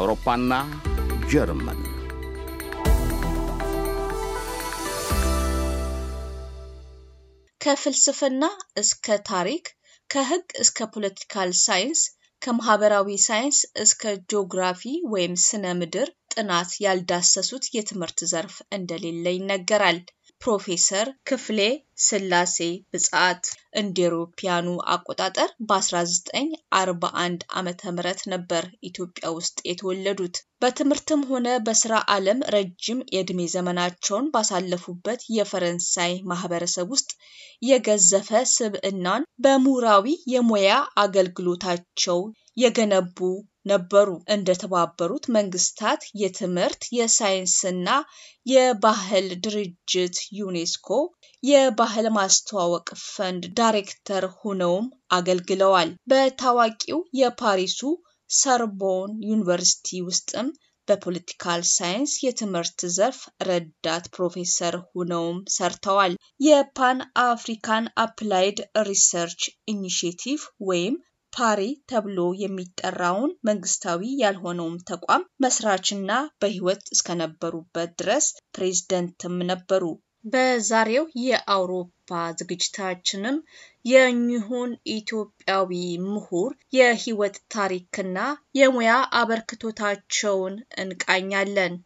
አውሮፓና ጀርመን ከፍልስፍና እስከ ታሪክ ከህግ እስከ ፖለቲካል ሳይንስ ከማህበራዊ ሳይንስ እስከ ጂኦግራፊ ወይም ስነ ምድር ጥናት ያልዳሰሱት የትምህርት ዘርፍ እንደሌለ ይነገራል። ፕሮፌሰር ክፍሌ ስላሴ ብጻት እንደ ኤሮፓያኑ አቆጣጠር በ1941 ዓ ም ነበር ኢትዮጵያ ውስጥ የተወለዱት። በትምህርትም ሆነ በስራ ዓለም ረጅም የዕድሜ ዘመናቸውን ባሳለፉበት የፈረንሳይ ማህበረሰብ ውስጥ የገዘፈ ስብዕናን በምሁራዊ የሙያ አገልግሎታቸው የገነቡ ነበሩ። እንደተባበሩት መንግስታት የትምህርት የሳይንስና የባህል ድርጅት ዩኔስኮ የባህል ማስተዋወቅ ፈንድ ዳይሬክተር ሆነውም አገልግለዋል። በታዋቂው የፓሪሱ ሰርቦን ዩኒቨርሲቲ ውስጥም በፖለቲካል ሳይንስ የትምህርት ዘርፍ ረዳት ፕሮፌሰር ሆነውም ሰርተዋል። የፓን አፍሪካን አፕላይድ ሪሰርች ኢኒሽቲቭ ወይም ፓሬ ተብሎ የሚጠራውን መንግስታዊ ያልሆነውም ተቋም መስራችና በህይወት እስከነበሩበት ድረስ ፕሬዝደንትም ነበሩ። በዛሬው የአውሮፓ ዝግጅታችንም የኚሁን ኢትዮጵያዊ ምሁር የህይወት ታሪክና የሙያ አበርክቶታቸውን እንቃኛለን።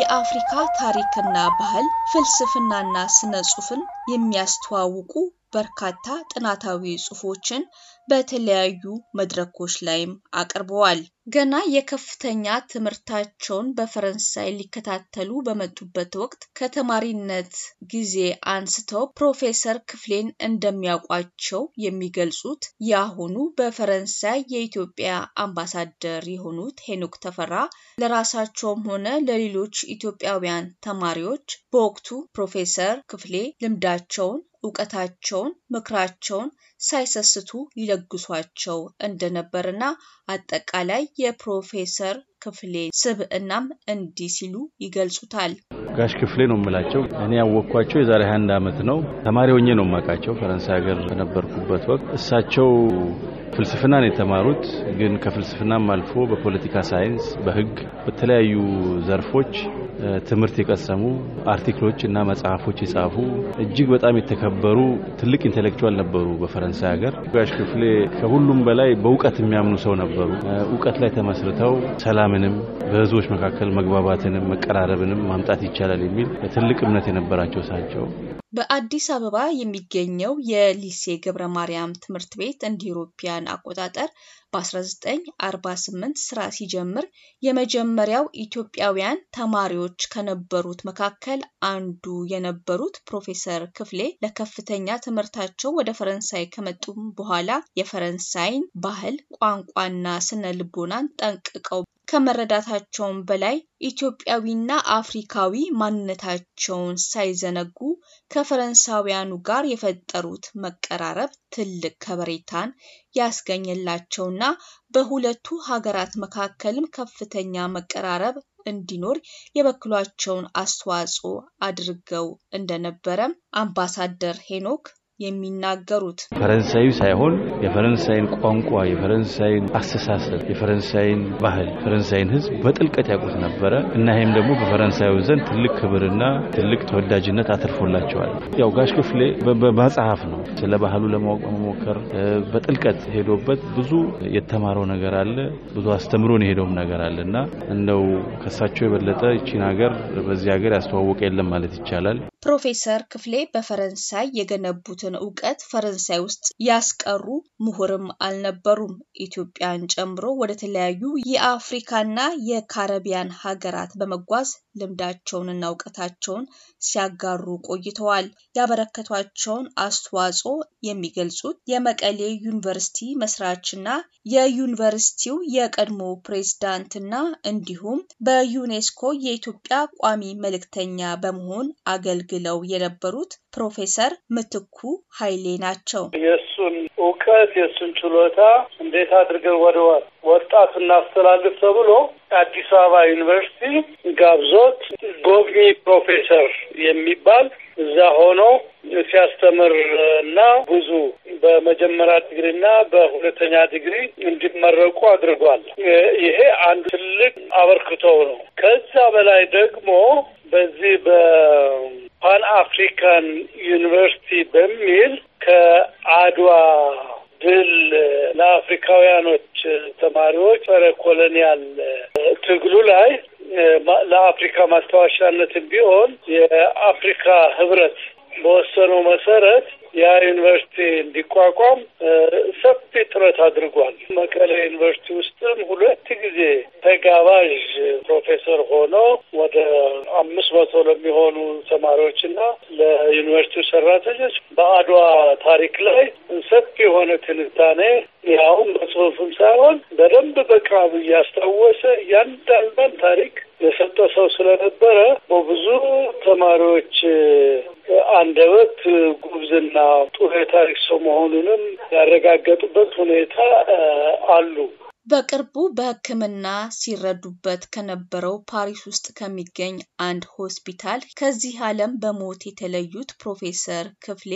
የአፍሪካ ታሪክና ባህል ፍልስፍናና ስነ ጽሑፍን የሚያስተዋውቁ በርካታ ጥናታዊ ጽሑፎችን በተለያዩ መድረኮች ላይም አቅርበዋል። ገና የከፍተኛ ትምህርታቸውን በፈረንሳይ ሊከታተሉ በመጡበት ወቅት ከተማሪነት ጊዜ አንስተው ፕሮፌሰር ክፍሌን እንደሚያውቋቸው የሚገልጹት የአሁኑ በፈረንሳይ የኢትዮጵያ አምባሳደር የሆኑት ሄኖክ ተፈራ ለራሳቸውም ሆነ ለሌሎች ኢትዮጵያውያን ተማሪዎች በወቅቱ ፕሮፌሰር ክፍሌ ልምዳቸውን እውቀታቸውን፣ ምክራቸውን ሳይሰስቱ ይለግሷቸው እንደነበርና አጠቃላይ የፕሮፌሰር ክፍሌ ስብዕናም እንዲህ ሲሉ ይገልጹታል። ጋሽ ክፍሌ ነው የምላቸው። እኔ ያወቅኳቸው የዛሬ 21 ዓመት ነው። ተማሪ ሆኜ ነው የማውቃቸው ፈረንሳይ ሀገር በነበርኩበት ወቅት እሳቸው ፍልስፍናን የተማሩት ግን ከፍልስፍናም አልፎ በፖለቲካ ሳይንስ፣ በህግ፣ በተለያዩ ዘርፎች ትምህርት የቀሰሙ አርቲክሎች እና መጽሐፎች የጻፉ እጅግ በጣም የተከበሩ ትልቅ ኢንቴሌክቹዋል ነበሩ በፈረንሳይ ሀገር። ጋሽ ክፍሌ ከሁሉም በላይ በእውቀት የሚያምኑ ሰው ነበሩ። እውቀት ላይ ተመስርተው ሰላምንም በህዝቦች መካከል መግባባትንም መቀራረብንም ማምጣት ይቻላል የሚል ትልቅ እምነት የነበራቸው ሳቸው በአዲስ አበባ የሚገኘው የሊሴ ገብረ ማርያም ትምህርት ቤት እንደ ኢሮፓያን አቆጣጠር በ1948 ስራ ሲጀምር የመጀመሪያው ኢትዮጵያውያን ተማሪዎች ከነበሩት መካከል አንዱ የነበሩት ፕሮፌሰር ክፍሌ ለከፍተኛ ትምህርታቸው ወደ ፈረንሳይ ከመጡ በኋላ የፈረንሳይን ባህል፣ ቋንቋና ስነ ልቦናን ጠንቅቀው ከመረዳታቸውም በላይ ኢትዮጵያዊና አፍሪካዊ ማንነታቸውን ሳይዘነጉ ከፈረንሳውያኑ ጋር የፈጠሩት መቀራረብ ትልቅ ከበሬታን ያስገኘላቸውና በሁለቱ ሀገራት መካከልም ከፍተኛ መቀራረብ እንዲኖር የበክሏቸውን አስተዋጽኦ አድርገው እንደነበረም አምባሳደር ሄኖክ የሚናገሩት። ፈረንሳዊ ሳይሆን የፈረንሳይን ቋንቋ፣ የፈረንሳይን አስተሳሰብ፣ የፈረንሳይን ባህል፣ ፈረንሳይን ህዝብ በጥልቀት ያውቁት ነበረ እና ይህም ደግሞ በፈረንሳዩ ዘንድ ትልቅ ክብርና ትልቅ ተወዳጅነት አትርፎላቸዋል። ያው ጋሽ ክፍሌ በመጽሐፍ ነው ስለ ባህሉ ለማወቅ መሞከር በጥልቀት ሄዶበት ብዙ የተማረው ነገር አለ። ብዙ አስተምሮን የሄደውም ነገር አለ እና እንደው ከሳቸው የበለጠ ይቺን ሀገር በዚህ ሀገር ያስተዋወቀ የለም ማለት ይቻላል። ፕሮፌሰር ክፍሌ በፈረንሳይ የገነቡትን እውቀት ፈረንሳይ ውስጥ ያስቀሩ ምሁርም አልነበሩም። ኢትዮጵያን ጨምሮ ወደ ተለያዩ የአፍሪካና የካረቢያን ሀገራት በመጓዝ ልምዳቸውንና እውቀታቸውን ሲያጋሩ ቆይተዋል። ያበረከቷቸውን አስተዋጽኦ የሚገልጹት የመቀሌ ዩኒቨርሲቲ መስራችና የዩኒቨርሲቲው የቀድሞ ፕሬዝዳንትና እንዲሁም በዩኔስኮ የኢትዮጵያ ቋሚ መልእክተኛ በመሆን አገልግለው የነበሩት ፕሮፌሰር ምትኩ ኃይሌ ናቸው። የእሱን እውቀት የእሱን ችሎታ እንዴት አድርገን ወደ ወጣት እናስተላልፍ ተብሎ አዲስ አበባ ዩኒቨርሲቲ ጋብዞት ጎብኚ ፕሮፌሰር የሚባል እዛ ሆኖ ሲያስተምር እና ብዙ በመጀመሪያ ዲግሪ እና በሁለተኛ ዲግሪ እንዲመረቁ አድርጓል። ይሄ አንዱ ትልቅ አበርክቶው ነው። ከዛ በላይ ደግሞ በዚህ በፓን አፍሪካን ዩኒቨርሲቲ በሚል ከአድዋ ድል ለአፍሪካውያኖች ተማሪዎች ጸረ ኮሎኒያል ትግሉ ላይ ለአፍሪካ ማስታወሻነትም ቢሆን የአፍሪካ ህብረት በወሰነው መሰረት ያ ዩኒቨርሲቲ እንዲቋቋም ሰፊ ጥረት አድርጓል። መቀሌ ዩኒቨርሲቲ ውስጥም ሁለት ጊዜ ተጋባዥ ፕሮፌሰር ሆኖ ወደ አምስት መቶ ለሚሆኑ ተማሪዎችና ለዩኒቨርሲቲው ሰራተኞች በአድዋ ታሪክ ላይ ሰፊ የሆነ ትንታኔ ያውም በጽሁፍም ሳይሆን በደንብ በቃሉ እያስታወሰ እያንዳንዷን ታሪክ የሰጠ ሰው ስለነበረ በብዙ ተማሪዎች አንደበት ጉብዝና ጥሩ የታሪክ ሰው መሆኑንም ያረጋገጡበት ሁኔታ አሉ። በቅርቡ በሕክምና ሲረዱበት ከነበረው ፓሪስ ውስጥ ከሚገኝ አንድ ሆስፒታል ከዚህ ዓለም በሞት የተለዩት ፕሮፌሰር ክፍሌ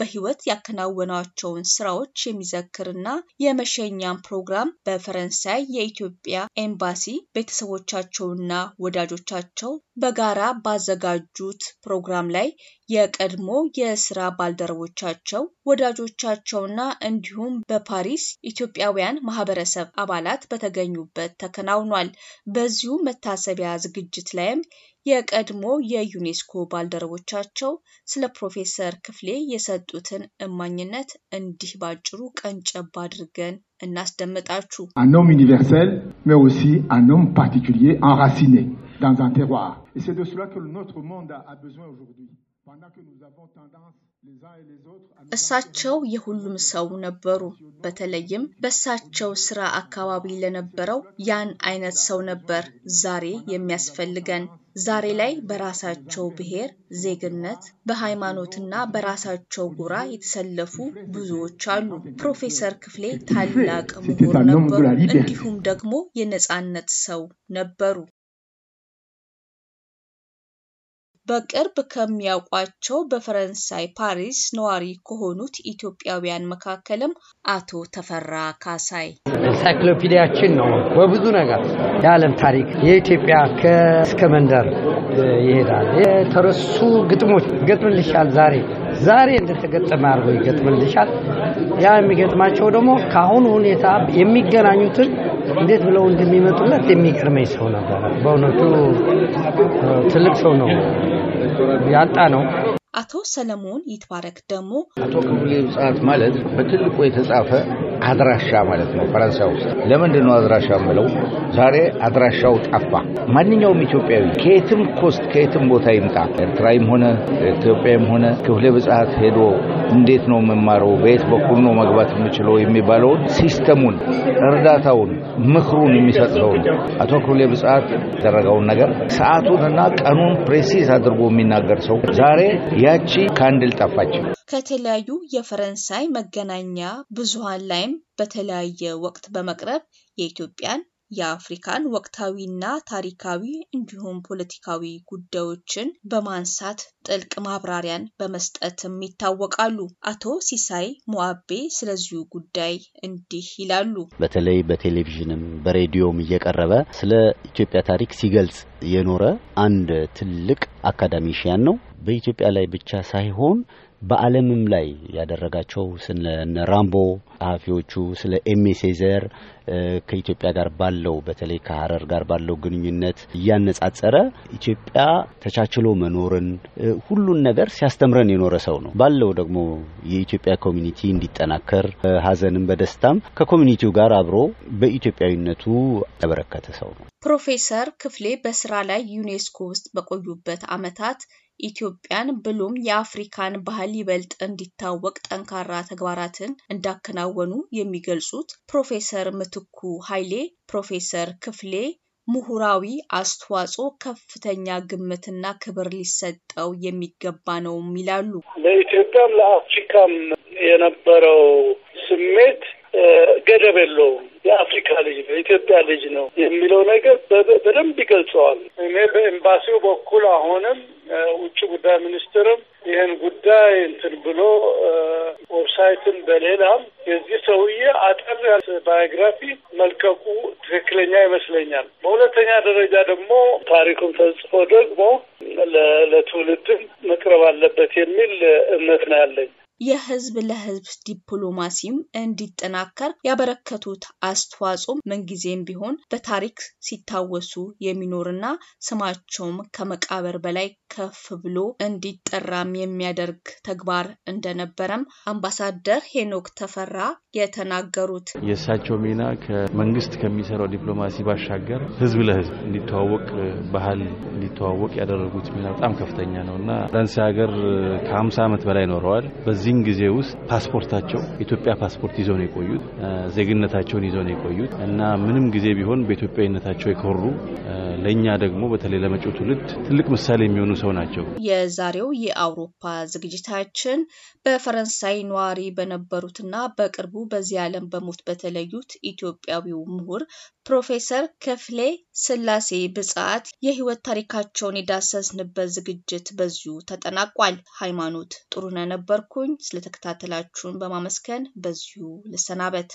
በሕይወት ያከናወኗቸውን ስራዎች የሚዘክርና የመሸኛም ፕሮግራም በፈረንሳይ የኢትዮጵያ ኤምባሲ ቤተሰቦቻቸውና ወዳጆቻቸው በጋራ ባዘጋጁት ፕሮግራም ላይ የቀድሞ የስራ ባልደረቦቻቸው ወዳጆቻቸውና እንዲሁም በፓሪስ ኢትዮጵያውያን ማህበረሰብ አባላት በተገኙበት ተከናውኗል። በዚሁ መታሰቢያ ዝግጅት ላይም የቀድሞ የዩኔስኮ ባልደረቦቻቸው ስለ ፕሮፌሰር ክፍሌ የሰጡትን እማኝነት እንዲህ ባጭሩ ቀንጨብ አድርገን እናስደምጣችሁ። አኖም ዩኒቨርሰል mais aussi un homme particulier enraciné dans un terroir. Et c'est de cela que notre እሳቸው የሁሉም ሰው ነበሩ። በተለይም በእሳቸው ስራ አካባቢ ለነበረው ያን አይነት ሰው ነበር ዛሬ የሚያስፈልገን። ዛሬ ላይ በራሳቸው ብሔር፣ ዜግነት፣ በሃይማኖትና በራሳቸው ጎራ የተሰለፉ ብዙዎች አሉ። ፕሮፌሰር ክፍሌ ታላቅ ምሁር ነበሩ፣ እንዲሁም ደግሞ የነጻነት ሰው ነበሩ። በቅርብ ከሚያውቋቸው በፈረንሳይ ፓሪስ ነዋሪ ከሆኑት ኢትዮጵያውያን መካከልም አቶ ተፈራ ካሳይ ኢንሳይክሎፒዲያችን ነው። በብዙ ነገር የዓለም ታሪክ የኢትዮጵያ እስከ መንደር ይሄዳል። የተረሱ ግጥሞች ይገጥምልሻል። ዛሬ ዛሬ እንደተገጠመ አድርጎ ይገጥምልሻል። ያ የሚገጥማቸው ደግሞ ከአሁኑ ሁኔታ የሚገናኙትን እንዴት ብለው እንደሚመጡለት የሚገርመኝ ሰው ነበረ። በእውነቱ ትልቅ ሰው ነው። ያጣ ነው። አቶ ሰለሞን ይትባረክ ደግሞ አቶ ክቡሌ ምጽአት ማለት በትልቁ የተጻፈ አድራሻ ማለት ነው ፈረንሳይ ውስጥ። ለምንድን ነው አድራሻ የምለው? ዛሬ አድራሻው ጠፋ። ማንኛውም ኢትዮጵያዊ ከየትም ኮስት ከየትም ቦታ ይምጣ፣ ኤርትራዊም ሆነ ኢትዮጵያም ሆነ ክፍለ ብጻት ሄዶ እንዴት ነው የምማረው፣ በየት በኩል ነው መግባት የምችለው የሚባለውን ሲስተሙን፣ እርዳታውን፣ ምክሩን የሚሰጥ ሰው ነው አቶ ክፍለ ብጻት ያደረገውን ነገር ሰዓቱንና ቀኑን ፕሬሲዝ አድርጎ የሚናገር ሰው ዛሬ ያቺ ካንድል ጠፋች። ከተለያዩ የፈረንሳይ መገናኛ ብዙሃን ላይም በተለያየ ወቅት በመቅረብ የኢትዮጵያን የአፍሪካን ወቅታዊና ታሪካዊ እንዲሁም ፖለቲካዊ ጉዳዮችን በማንሳት ጥልቅ ማብራሪያን በመስጠትም ይታወቃሉ። አቶ ሲሳይ ሞዋቤ ስለዚሁ ጉዳይ እንዲህ ይላሉ። በተለይ በቴሌቪዥንም በሬዲዮም እየቀረበ ስለ ኢትዮጵያ ታሪክ ሲገልጽ የኖረ አንድ ትልቅ አካዳሚሽያን ነው። በኢትዮጵያ ላይ ብቻ ሳይሆን በዓለምም ላይ ያደረጋቸው ስለ ራምቦ ጸሐፊዎቹ ስለ ኤሜሴዘር ከኢትዮጵያ ጋር ባለው በተለይ ከሀረር ጋር ባለው ግንኙነት እያነጻጸረ ኢትዮጵያ ተቻችሎ መኖርን ሁሉን ነገር ሲያስተምረን የኖረ ሰው ነው። ባለው ደግሞ የኢትዮጵያ ኮሚኒቲ እንዲጠናከር ሀዘንም በደስታም ከኮሚኒቲው ጋር አብሮ በኢትዮጵያዊነቱ ያበረከተ ሰው ነው። ፕሮፌሰር ክፍሌ በስራ ላይ ዩኔስኮ ውስጥ በቆዩበት አመታት። ኢትዮጵያን ብሎም የአፍሪካን ባህል ይበልጥ እንዲታወቅ ጠንካራ ተግባራትን እንዳከናወኑ የሚገልጹት ፕሮፌሰር ምትኩ ኃይሌ ፕሮፌሰር ክፍሌ ምሁራዊ አስተዋጽኦ ከፍተኛ ግምትና ክብር ሊሰጠው የሚገባ ነውም ይላሉ። ለኢትዮጵያም ለአፍሪካም የነበረው ስሜት ገደብ የለውም። የአፍሪካ ልጅ ነው፣ የኢትዮጵያ ልጅ ነው የሚለው ነገር በደንብ ይገልጸዋል። እኔ በኤምባሲው በኩል አሁንም ውጭ ጉዳይ ሚኒስትርም ይህን ጉዳይ እንትን ብሎ ዌብሳይትን በሌላም የዚህ ሰውዬ አጠር ያለ ባዮግራፊ መልቀቁ ትክክለኛ ይመስለኛል። በሁለተኛ ደረጃ ደግሞ ታሪኩን ተጽፎ ደግሞ ለትውልድም መቅረብ አለበት የሚል እምነት ነው ያለኝ። የህዝብ ለህዝብ ዲፕሎማሲም እንዲጠናከር ያበረከቱት አስተዋጽኦ ምንጊዜም ቢሆን በታሪክ ሲታወሱ የሚኖርና ስማቸውም ከመቃብር በላይ ከፍ ብሎ እንዲጠራም የሚያደርግ ተግባር እንደነበረም አምባሳደር ሄኖክ ተፈራ የተናገሩት። የእሳቸው ሚና ከመንግስት ከሚሰራው ዲፕሎማሲ ባሻገር ህዝብ ለህዝብ እንዲተዋወቅ ባህል እንዲተዋወቅ ያደረጉት ሚና በጣም ከፍተኛ ነው እና ፈረንሳይ ሀገር ከ ዓመት በላይ ኖረዋል። በዚህ በዚህን ጊዜ ውስጥ ፓስፖርታቸው ኢትዮጵያ ፓስፖርት ይዘው ነው የቆዩት፣ ዜግነታቸውን ይዘው ነው የቆዩት እና ምንም ጊዜ ቢሆን በኢትዮጵያዊነታቸው የኮሩ ለእኛ ደግሞ በተለይ ለመጪው ትውልድ ትልቅ ምሳሌ የሚሆኑ ሰው ናቸው። የዛሬው የአውሮፓ ዝግጅታችን በፈረንሳይ ነዋሪ በነበሩትና በቅርቡ በዚህ ዓለም በሞት በተለዩት ኢትዮጵያዊው ምሁር ፕሮፌሰር ከፍሌ ስላሴ ብጽዓት የህይወት ታሪካቸውን የዳሰስንበት ዝግጅት በዚሁ ተጠናቋል። ሃይማኖት ጥሩነህ ነበርኩኝ። ስለተከታተላችሁን በማመስገን በዚሁ ልሰናበት።